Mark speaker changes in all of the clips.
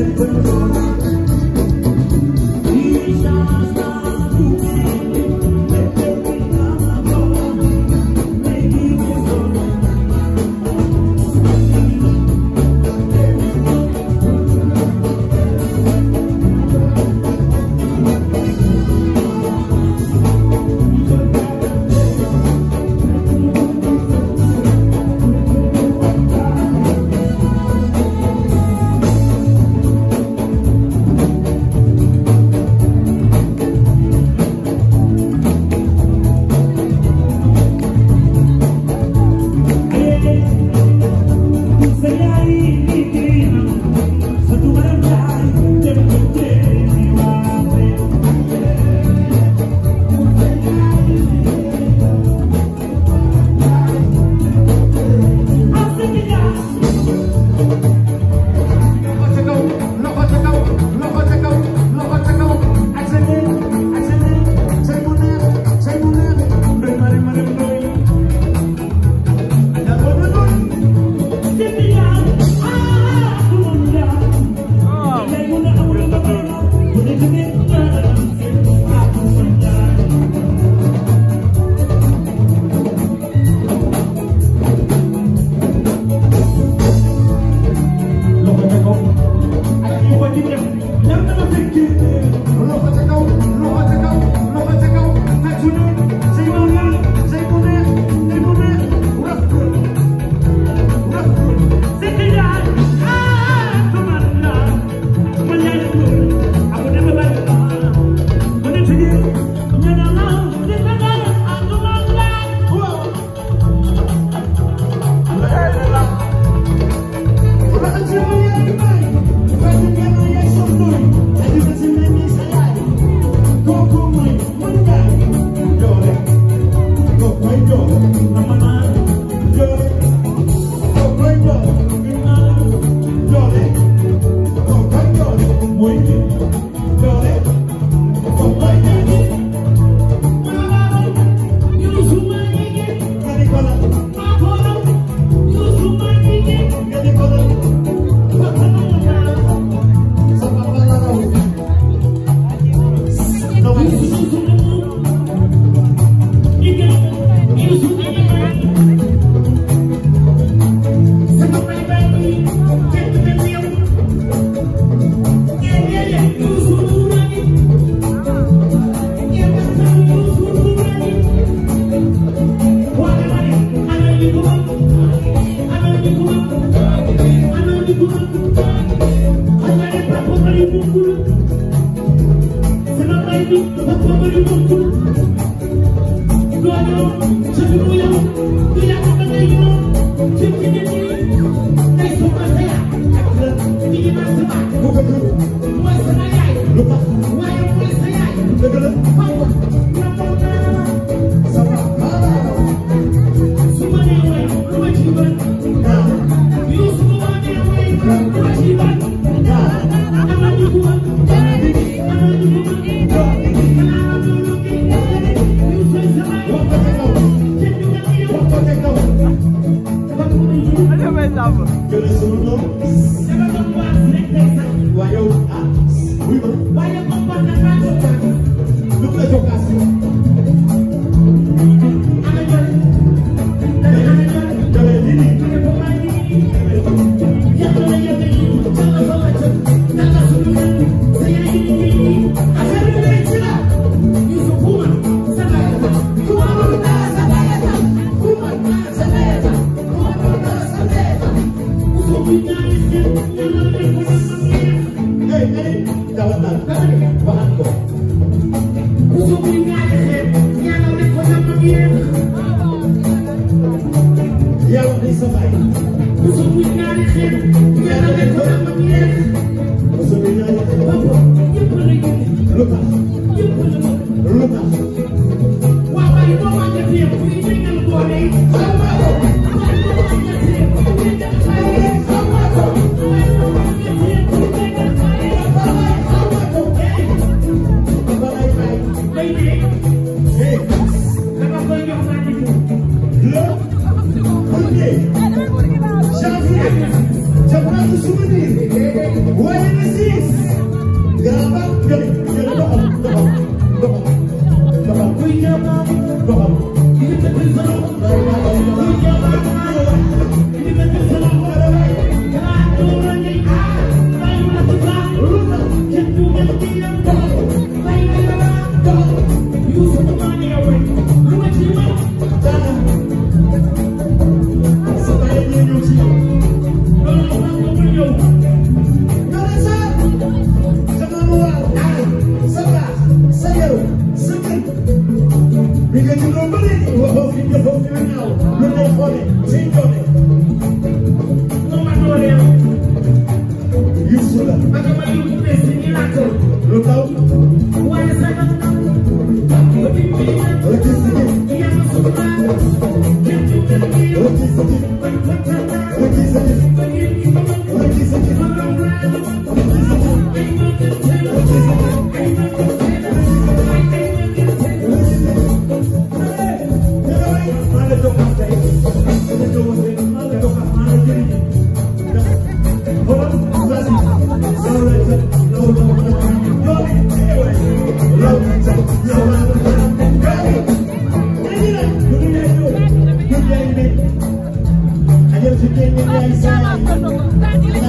Speaker 1: Thank you. y Não, não, não. jabatu souvenir waaye na siis garabal jël jël doxal doxal doxal doxal kuy jàpp doxal isso Yusula. Makamali mkutesi ni nato. baby. I just give in the sign,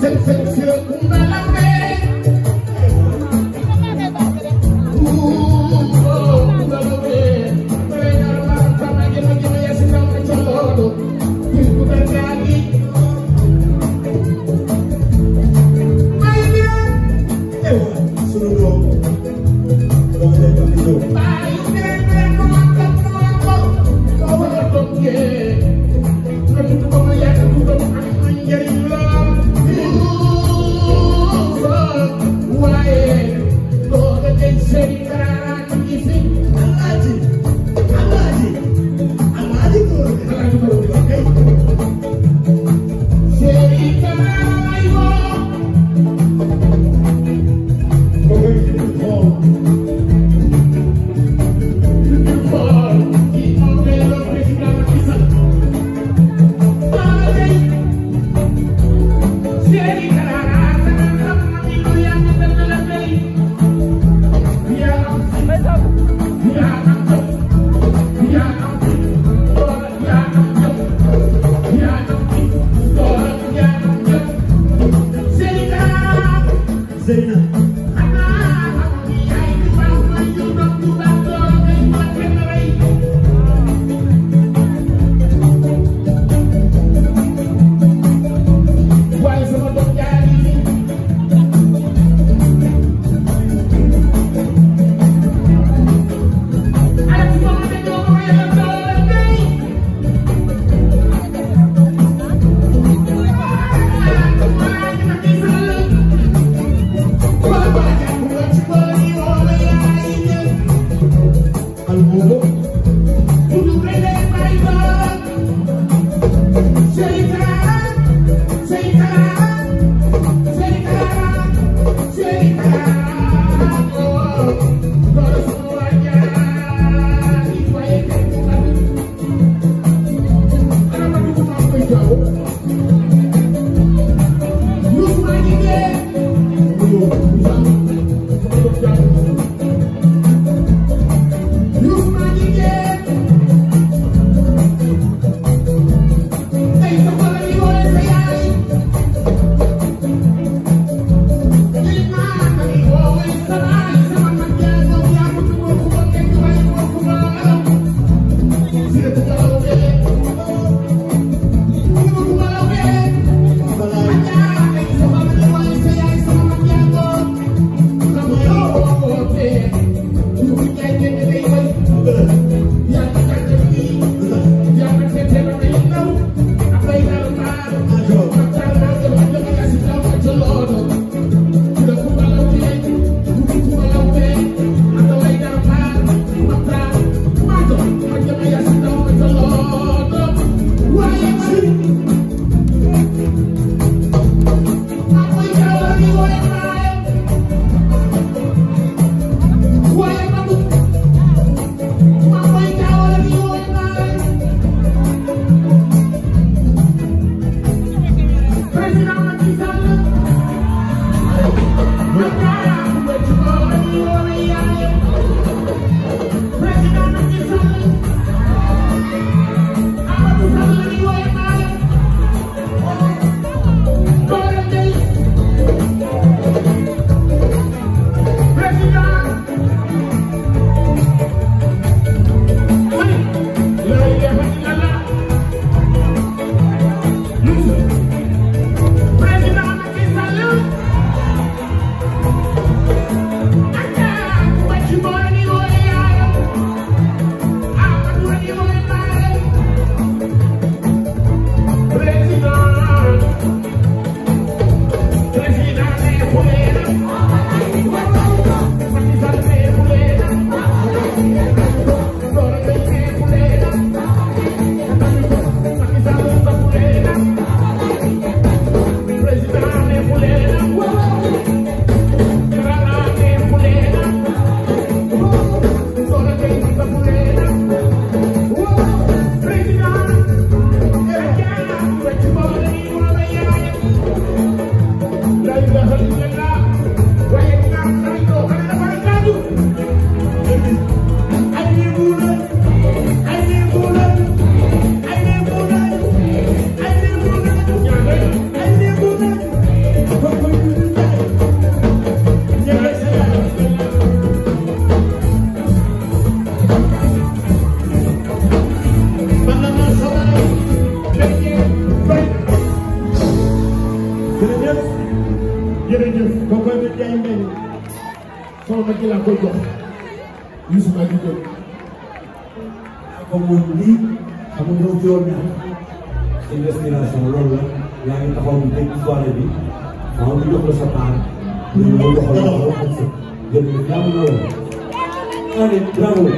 Speaker 1: se, se, investigation loolu la yaa ngi taxaw ñu dégg soirée bi waaw ñu jox la sa part ñu ñëw doxal la ko ak sa jërëjëf jàmm na la. Allez, bravo.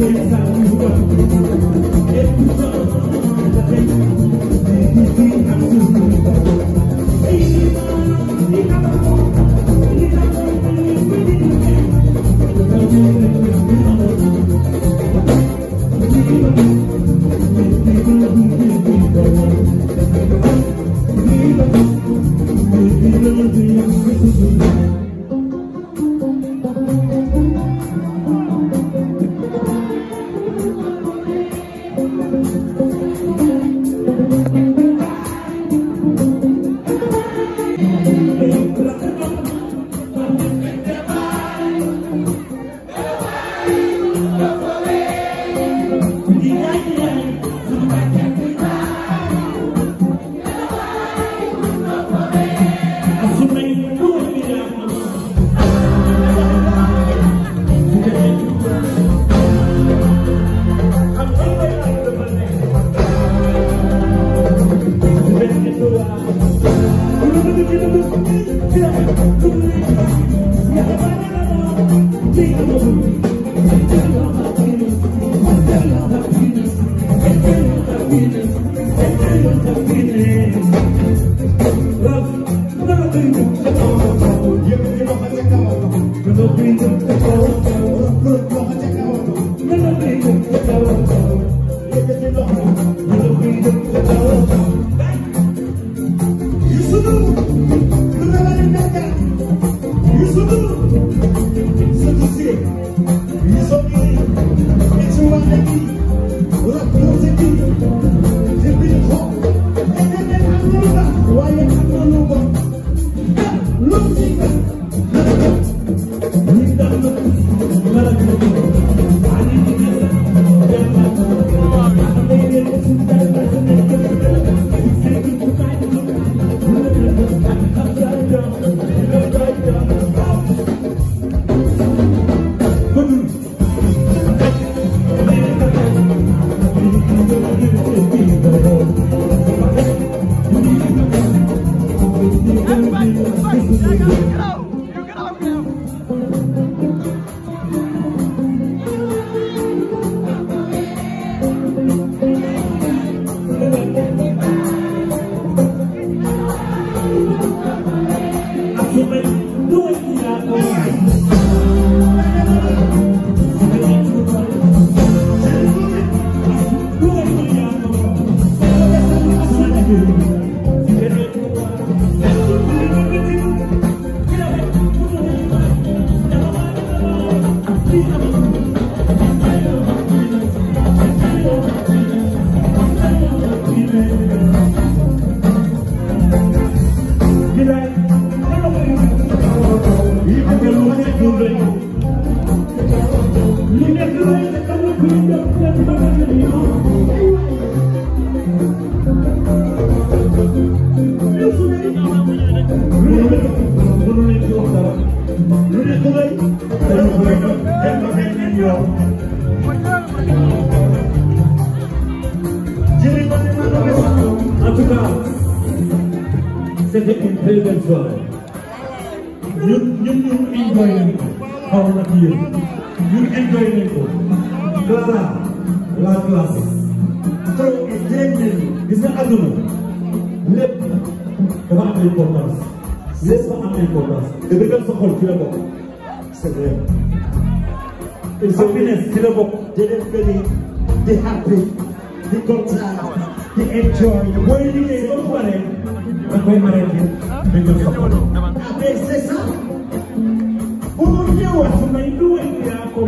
Speaker 1: Yes, I will. Yes, I will. you. City in Pilgrimsville. Ñun ñun ñun enjoy nañ ko xaw ma nag yéen ñun enjoy nañ ko. you, la classe. xaw ma jërëjëf nañ gis nga àdduna lépp dafa am importance lépp dafa am importance te dëggal sa xol ci la bokk c'est vrai. il faut que ne ci la bokk di leen fële di happy di kontaan di enjoy booy liggéey ba mu koy arrêté déglu sa bopp. mais c'est ça. boo ñëwaat su may lu wéy yaa ko